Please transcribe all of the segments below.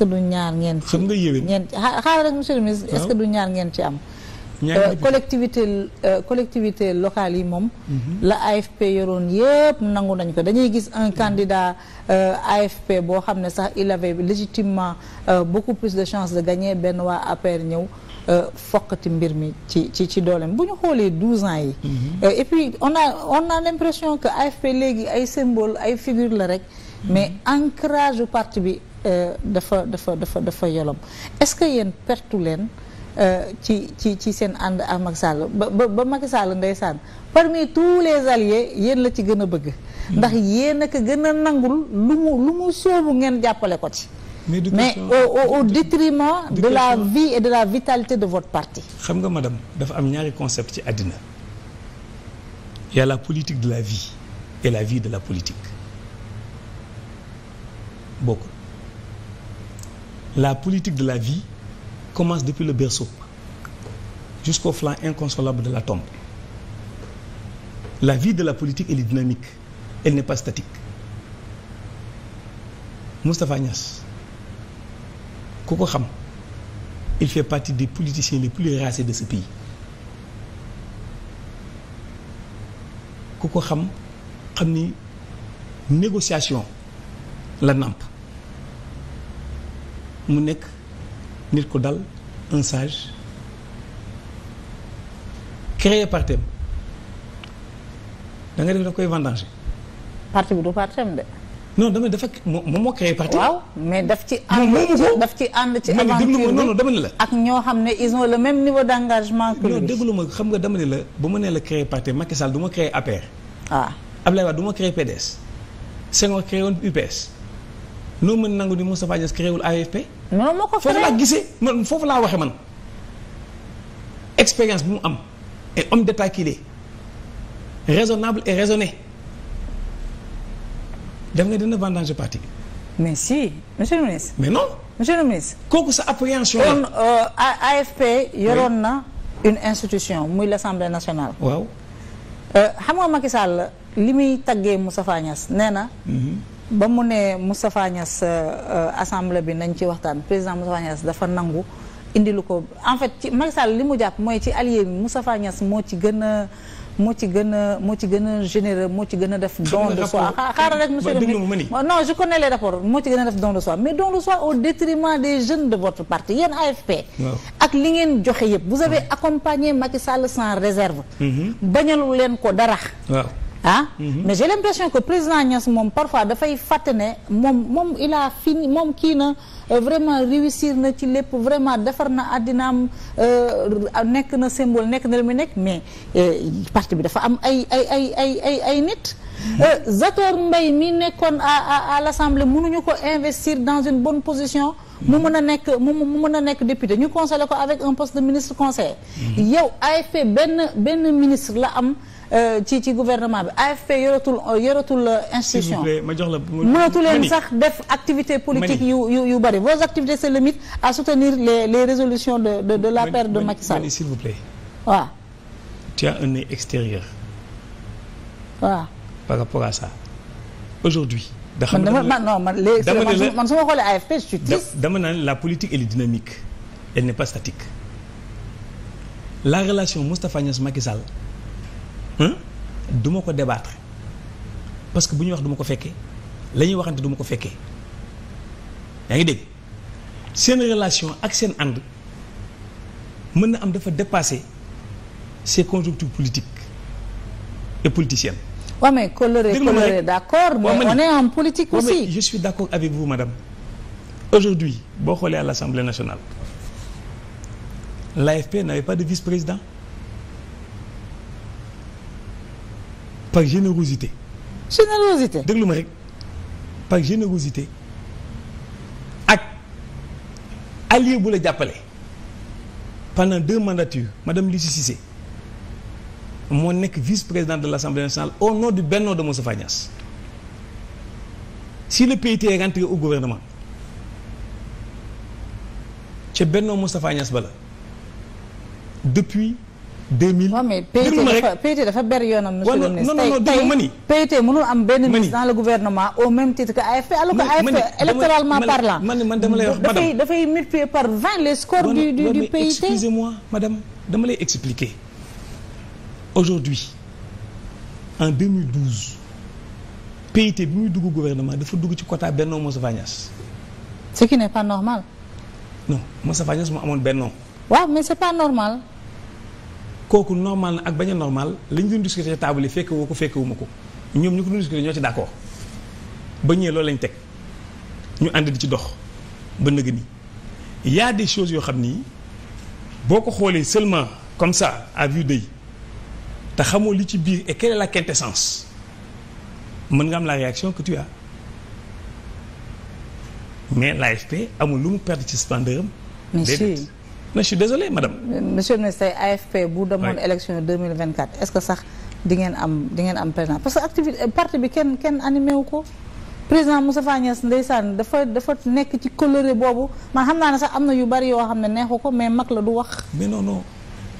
que du ñaar ngeen. xam nga yéwén ngeen ah. ñaar ngeen ci am. Euh, collectivité euh, collectivité locale yi moom. Mhm. la AFP yoroon yëpp nangu nañ ko dañuy gis un candidat euh, AFP boo xam ne sax il avait légitimement beaucoup plus de chance de gagner benn waa APR ñëw. fokkati mbir mi ci ci ci dooleem bu ñu xoolee 12 ans yi. Mhm. et puis on a on a l'impression que AFP léegi ay symbole ay figure la rek. Mhm. mais ancrage parti bi. Euh, dafa dafa dafa dafa yolom est-ce que yéen pertu leen euh, ci ci ci seen ànd ak Macky Sall ba ba Macky Sall ndeysaan parmi tous les alliés yéen la ci gën a bëgg. Hmm. ndax yéen a ko gën a nangul lu mu lu mu sóobu ngeen jàppale ko ci. mais mais au au détriment de la vie et de la vitalité de votre partie xam nga madame dafa am ñaari concept ci àddina il la politique de la vie et la vie de la politique bokk. la politique de la vie commence depuis le berceau jusqu'au flanc inconsolable de la tombe la vie de la politique elle est dynamique elle n'est pas statique Moustapha Niass ku ko xam il fait partie des politiciens les plus racés de ce pays ku ko xam xam ni négociation la nàmp mu nekk nit ku dal un sage créé partem da nga def da koy vendanger. parti bi du partem de. non dama dafa moom moo créé parti. waaw mais daf ci ànd daf ci ànd ci aventure non non dama ne la. ak ñoo xam ne ils ont même niveau d' engagement que lui. ma xam nga dama ne la bu ma nee la créé parti Macky Sall du ma créé APR. ab ah. Abdoulaye Wade du ma créé PDS Senghor créé woon UPS. noo mën nangu di Moustapha Niass créé wul AFP. non moo ko foofu laa gisee man foofu laa waxee man expérience bu mu am et homme d'état qu'il est raisonnable et raisonné def nga dina vendanger parti bi. mais si monsieur le ministre. mais non monsieur le ministre. kooku sa appréhension la euh, AFP yoroon na une institution muy l'Assemblée nationale. waaw. Euh, xam nga Macky Sall li muy taggee Moustapha Niass nee na. Mhm. ba mu ne Moustapha Niass euh, assemblée bi nañ ci waxtaan président Moustapha Niass dafa nangu indi lu ko en fait ci Macky li mu jàpp mooy ci allié bi Moustapha Niass moo ci gën a moo ci gën a moo ci gën a généreux moo ci gën a def don de soi ah, xaaral rek monsieur le ministre non je connais les moo ci gën a def don de soi mais don de soi au détriment des jeunes de votre parti yéen AFP ak li ngeen joxe yëpp vous avez accompagné Macky Sall sans réserve mm-hmm. bañalu leen ko dara ah mhm. mais j'ai l'impression que président Niass moom parfois dafay fàtte ne moom moom il a fini moom kii na euh, vraiment réussir na ci lépp vraiment defar na àddinaam euh, nekk na symbole nekk na lu mu nekk mais euh, parti bi dafa am ay ay ay ay ay ay nit mhm. Zator mbay mi nekkoon à à l'Assemblée mënuñu ko investir dans une bonne position mu mhm. mën a nekk mu mu mën a nekk député ñu conseillé ko avec un poste de ministre conseil yow AFP benn benn ministre la am Euh, ci ci gouvernement bi AFP yoratul yoratul euh, institution mënatu leen sax def activité politique yu yu vos activités se limitent à soutenir les les résolutions de de de l'APR de Macky Sall s'il vous plaît waaw tu as un œil extérieur waaw par rapport à ça aujourd'hui da xam ne man non man léegi man xoolee AFP je suis la politique elle est dynamique elle n'est pas statique la relation Moustapha Niass Macky Hmm? du ma ko débattre parce que bu ñuy wax du ma ko fekkee la ñuy waxante du ma ko fekkee yaa ngi dégg seen relation ak seen ànd mën na am dafa dépasser ces conjonctures politique et politiciennes. waaw mais coloré coloré d'accord mais on est en politique aussi. je suis d'accord avec vous madame. aujourd'hui boo xoolee à l'Assemblée nationale l'AFP n'avait pas de vice-président. par générosité. générosité déglu ma rek par générosité ak allié bu la jàppale pendant de mandatures madame Lucie Cissé moo nekk vice-présidente de l'Assemblée nationale au nom du Benno de Moustapha Niasse si le PIT est rentré au gouvernement ca Benno Moustapha Niasse ba la depuis. deux mille. mais PIT dafa ber yoonam monsieur ma ni PIT mënul am benn ministre dans le gouvernement au même titre man man dama lay wax madame dafay multiplier par vingt les scores du du du PIT. excusez-moi madame dama lay expliquer aujourd'hui en 2012 PIT bi muy dugg gouvernement dafa dugg ci quota bennoo Moustapha Niasse. ce qui n'est pas normal. non Moustapha Niasse amoon Benno. waaw mais c'est pas normal. kooku normal na ak bañ a normal li ñu doon discuter table yi fekke woo ko fekke wu ko ñoom ñu ko doon discuter ñoo ci d'accord ba ñëwee loolu lañ teg ñu ànd di ci dox ba nëgë ni y a des choses yoo xam ni boo ko xoolee seulement comme ça à vue te xamoo li ci biir et quelle est la quintessence mën nga am la réaction que tu as mais l'AFP amul lu mu perdre ci splendeur am. mais je suis désolé madame. monsieur le ministre AFP bu demoon élection 2024 est-ce que sax di ngeen am di am président parce que activité eh, parti bi kenn kenn animé wu ko. président Moustapha Niasse ndeysaan dafa dafa nekk ci coloré boobu man xam naa ne sax am na yu bari yoo xam ne neexu ko mais mag la du wax. mais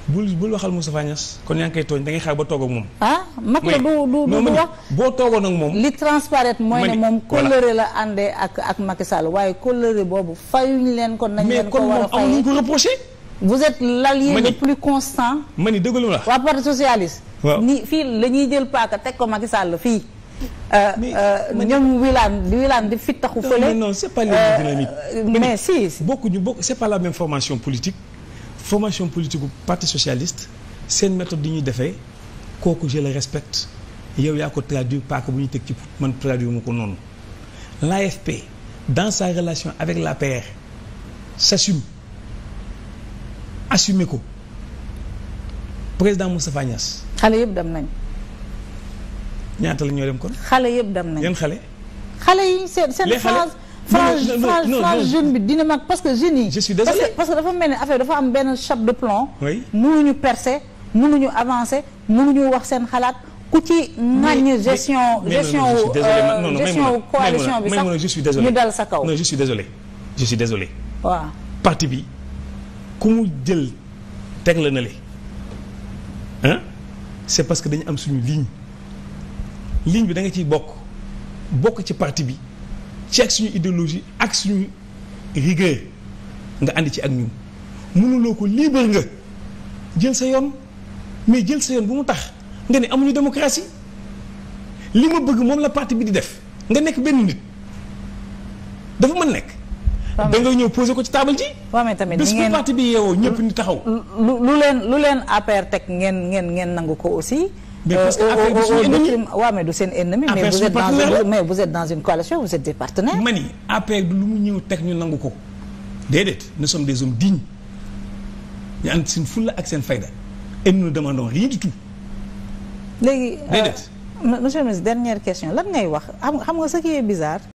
bul bul waxal Moustapha Niass kon yaa ngi koy tooñ da ngay xaar ba toog ak moom. ah mag la du du du wax boo toogoon ak moom. li transparent mooy ne moom kóllëre la àndee ak ak Macky Sall waaye kóllëre boobu fayuñu leen kon. nañ leen ko war a fayee la kon moom amuñu ko reproché. vous ma ni dëggalu la waa parti socialiste. ni fii la ñuy jël paaka teg ko Macky Sall fii. Euh, mais euh, ñoom wilaan di wilaan di fittaxu fële. non non c'est pas les mêmes dynamiques. Euh, mais si bokkuñu bokk c'est pas la même formation politique. formation politique bu parti socialiste seen méthode di ñuy defee kooku je le respecte yow yaa ko traduire paaka bu ñu teg ci man traduire ma ko noonu l'AFP dans sa relation avec l'APR s'assume assumer ko président Moustapha Niass. xale yëpp dem nañ. ñaata lañ ñoo dem kon. xale yëpp dem nañ yan xale. xale yi seen seen frange frange jeune bi dina mag parce que jeunes yi. je suis désolé parce que dafa mel ni affaire dafa am benn chape de plomb. oui nu ñu mënuñu avancer mënuñu wax seen xalaat ku ci. ŋàññ gestion gestion gestion coalition bi dal sa kaw. non je suis désolé je suis parti bi ku mu jël teg la na le c'est parce que dañu am suñu ligne ligne bi da nga ciy bokk bokk ci parti bi. ci ak suñu idéologie ak suñu rigueur nga ànd ci ak ñun mënuloo ko libre nga jël sa yoon mais jël sa yoon bu mu tax nga ne amuñu démocratie li ma bëgg moom la parti bi di def nga nekk benn nit dafa mën nekk. da nga ñëw posé ko ci table ji. waaw mais tamit bés bu parti bi yeewoo ñëpp ñu taxaw. lu leen lu leen APR teg ngeen ngeen ngeen nangu ko aussi. mais euh, parce que affaire bi suñu ennemi waaw mais du seen ennemi. mais vous êtes dans une coalition vous êtes des partenaires. ma ni APR du lu mu ñëw teg ñu nangu ko déedéet nous sommes des hommes dignes ñu ànd seen fulla ak seen fayda et nous ne di tout. léegi euh, déedéet. monsieur le ministre dernière question lan ngay wax xam nga ce qui est